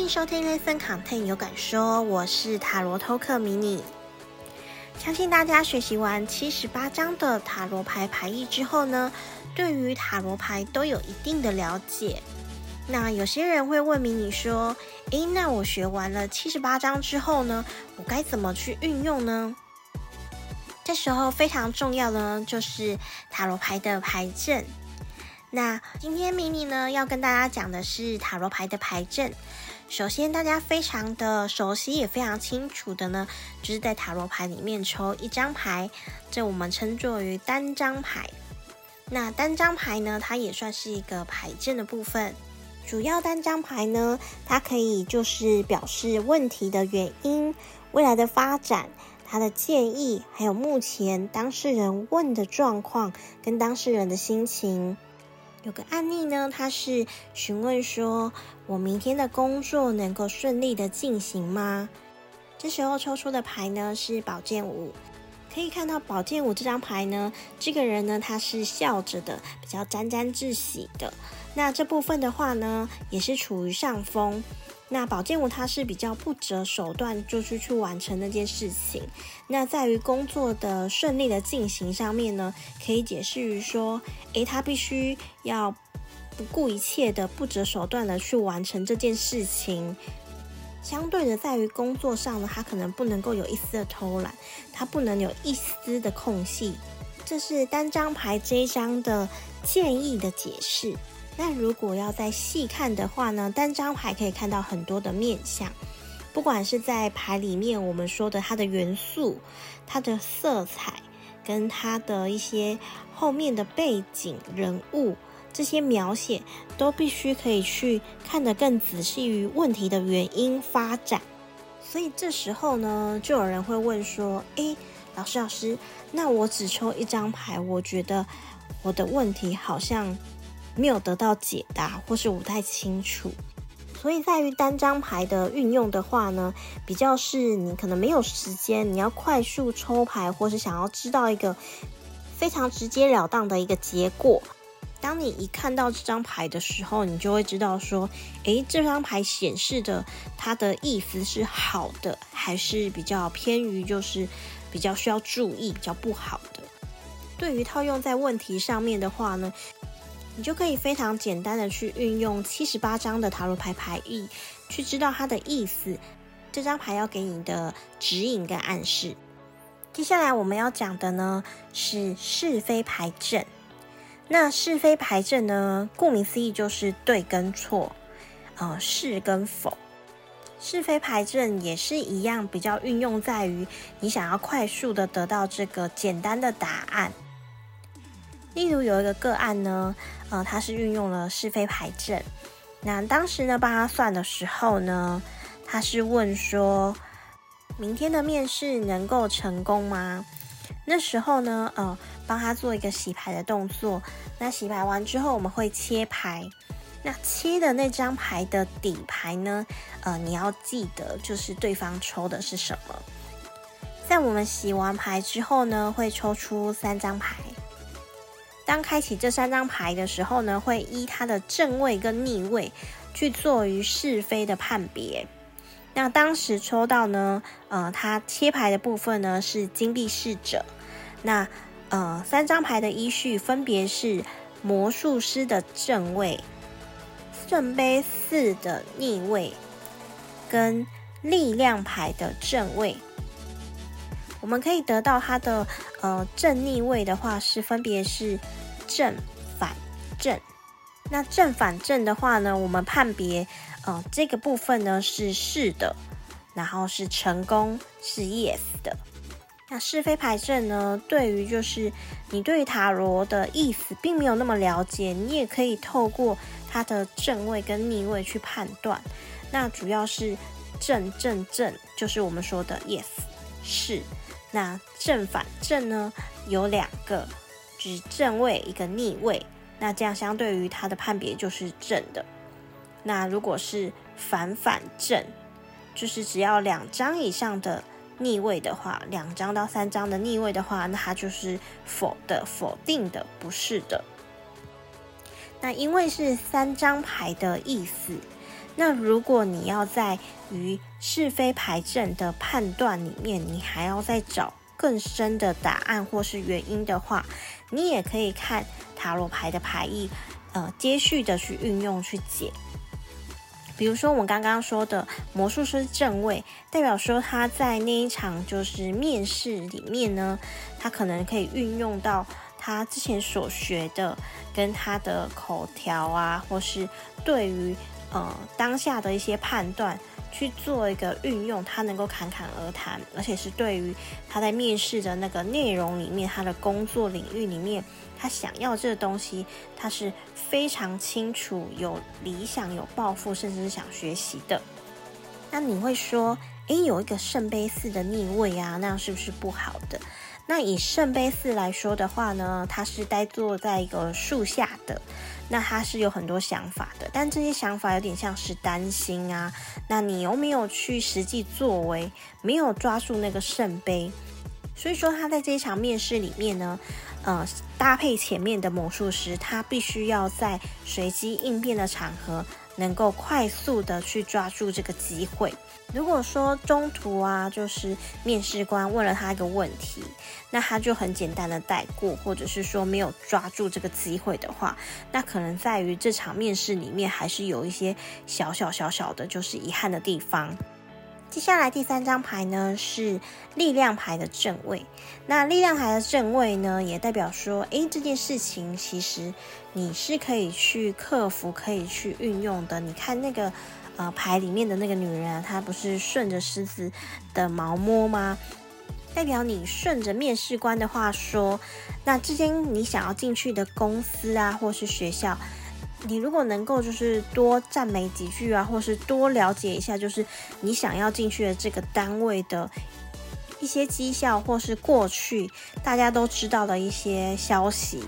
歡迎收聽《ListenContent》，有感說，我是塔羅偷客迷你。相信大家學習完七十八張的塔羅牌牌意之後呢，對於塔羅牌都有一定的了解。那有些人會問迷你說：“誒，那我學完了七十八張之後呢，我該怎麼去運用呢？”這時候非常重要的就是塔羅牌的牌陣。那今天迷你呢要跟大家講的是塔羅牌的牌陣。首先，大家非常的熟悉也非常清楚的呢，就是在塔羅牌裡面抽一張牌，這我們稱作為單張牌。那單張牌呢，它也算是一個牌陣的部分。主要單張牌呢，它可以就是表示問題的原因、未來的發展、它的建議，還有目前當事人問的狀況跟當事人的心情。有個案例呢，他是詢問說：“我明天的工作能夠順利的進行嗎？”這時候抽出的牌呢是寶劍五。可以看到寶劍五這張牌呢，這個人呢他是笑着的，比較沾沾自喜的。那這部分的話呢，也是處於上風。那寶劍五他是比較不擇手段，就是去完成那件事情。那在於工作的順利的進行上面呢，可以解釋於說，誒，他必須要不顧一切的、不擇手段的去完成這件事情。相對的，在於工作上呢，他可能不能夠有一絲的偷懶，他不能有一絲的空隙。這是單張牌這一張的建議的解釋。那如果要再細看的話呢，單張牌可以看到很多的面相，不管是在牌裡面我們說的它的元素、它的色彩，跟它的一些後面的背景人物。這些描寫都必須可以去看得更仔細於問題的原因發展，所以這時候呢，就有人會問說：“哎、欸，老師老師，那我只抽一張牌，我覺得我的問題好像沒有得到解答，或是我不太清楚。”所以在於單張牌的運用的話呢，比較是你可能沒有時間，你要快速抽牌，或是想要知道一個非常直截了當的一個結果。當你一看到這張牌的時候，你就會知道說，哎，這張牌顯示的它的意思是好的，還是比較偏於就是比較需要注意，比較不好的。對於套用在問題上面的話呢，你就可以非常簡單的去運用七十八張的塔羅牌牌意，去知道它的意思。這張牌要給你的指引跟暗示。接下來我們要講的呢是是非牌陣。那是非牌陣呢？顧名思義就是對跟錯，呃，是跟否。是非牌陣也是一樣，比較運用在於你想要快速的得到這個簡單的答案。例如有一個個案呢，呃，他是運用了是非牌陣。那當時呢，幫他算的時候呢，他是問說：明天的面試能夠成功嗎？那時候呢，呃。幫他做一個洗牌的動作。那洗牌完之後，我們會切牌。那切的那張牌的底牌呢，呃，你要記得就是對方抽的是什麼。在我們洗完牌之後呢，會抽出三張牌。當開啟這三張牌的時候呢，會依它的正位跟逆位去做於是非的判別。那當時抽到呢，呃，他切牌的部分呢是金幣侍者。那呃，三張牌的依序分別是魔術師的正位、聖杯四的逆位跟力量牌的正位。我們可以得到它的呃正逆位的話是分別是正、反、正。那正反正的話呢，我們判別呃這個部分呢是是的，然後是成功是 yes 的。那是非牌陣呢？對於就是你對塔羅的意思，並沒有那麼了解，你也可以透過它的正位跟逆位去判斷。那主要是正正正，就是我們說的 Yes 是。那正反正呢，有兩個，只、就是、正位一個逆位，那這樣相對於它的判別就是正的。那如果是反反正，就是只要兩張以上的。逆位的話，兩張到三張的逆位的話，那它就是否的、否定的、不是的。那因為是三張牌的意思，那如果你要在於是非牌陣的判斷裡面，你還要再找更深的答案或是原因的話，你也可以看塔羅牌的牌意，呃，接續的去運用去解。比如說，我剛剛說的魔術師正位，代表說他在那一場就是面試裡面呢，他可能可以運用到他之前所學的，跟他的口條啊，或是對於呃當下的一些判斷。去做一個運用，他能夠侃侃而談，而且是對於他在面試的那個內容裡面，他的工作領域裡面，他想要這個東西，他是非常清楚、有理想、有抱負，甚至是想學習的。那你會說，誒，有一個聖杯四的逆位啊，那樣是不是不好的？那以聖杯四來說的話呢，他是呆坐在一個樹下的，那他是有很多想法的，但這些想法有點像是擔心啊，那你有沒有去實際作為，沒有抓住那個聖杯，所以說他在這一場面試裡面呢，呃，搭配前面的魔術師，他必須要在隨機應變的場合。能夠快速的去抓住這個機會。如果說中途啊，就是面試官問了他一個問題，那他就很簡單的帶過，或者是說沒有抓住這個機會的話，那可能在於這場面試裡面還是有一些小小小小的，就是遺憾的地方。接下來第三張牌呢是力量牌的正位，那力量牌的正位呢也代表說，誒、欸，這件事情其實你是可以去克服、可以去運用的。你看那個呃牌裡面的那個女人，她不是順着獅子的毛摸嗎？代表你順着面試官的話說，那之前你想要進去的公司啊，或是學校，你如果能夠就是多讚美幾句啊，或是多了解一下，就是你想要進去的這個單位的一些績效，或是過去大家都知道的一些消息，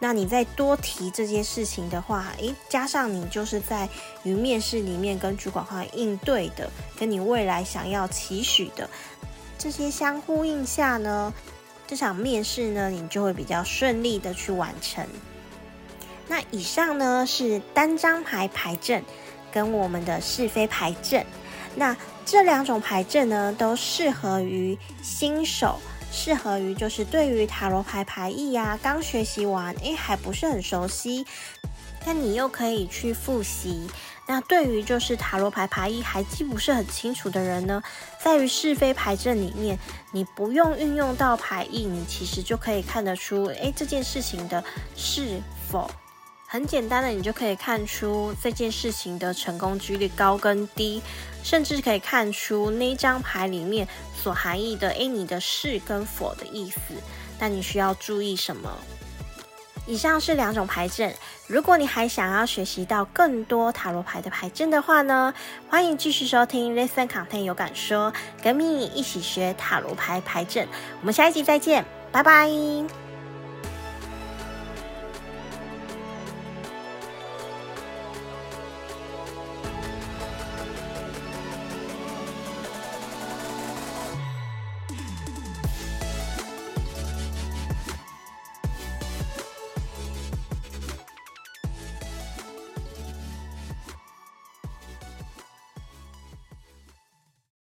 那你再多提這些事情的話，誒、欸，加上你就是在於面試裡面跟主管方應對的，跟你未來想要期許的這些相呼應下呢，這場面試呢，你就會比較順利的去完成。那以上呢，是單張牌牌陣，跟我們的是非牌陣。那這兩種牌陣呢，都適合於新手，適合於就是對於塔羅牌牌意呀、啊，剛學習完，哎，還不是很熟悉。那你又可以去複習。那對於就是塔羅牌牌意還記不是很清楚的人呢，在於是非牌陣裡面，你不用運用到牌意，你其實就可以看得出，哎，這件事情的是否。很簡單的，你就可以看出這件事情的成功幾率高跟低，甚至可以看出那張牌裡面所含義的，哎，你的是跟否的意思。但你需要注意什麼？以上是兩種牌陣。如果你還想要學習到更多塔羅牌的牌陣的話呢，歡迎繼續收聽《Listen Content 有感說》，跟咪咪一起學塔羅牌牌陣。我們下一集再見，拜拜。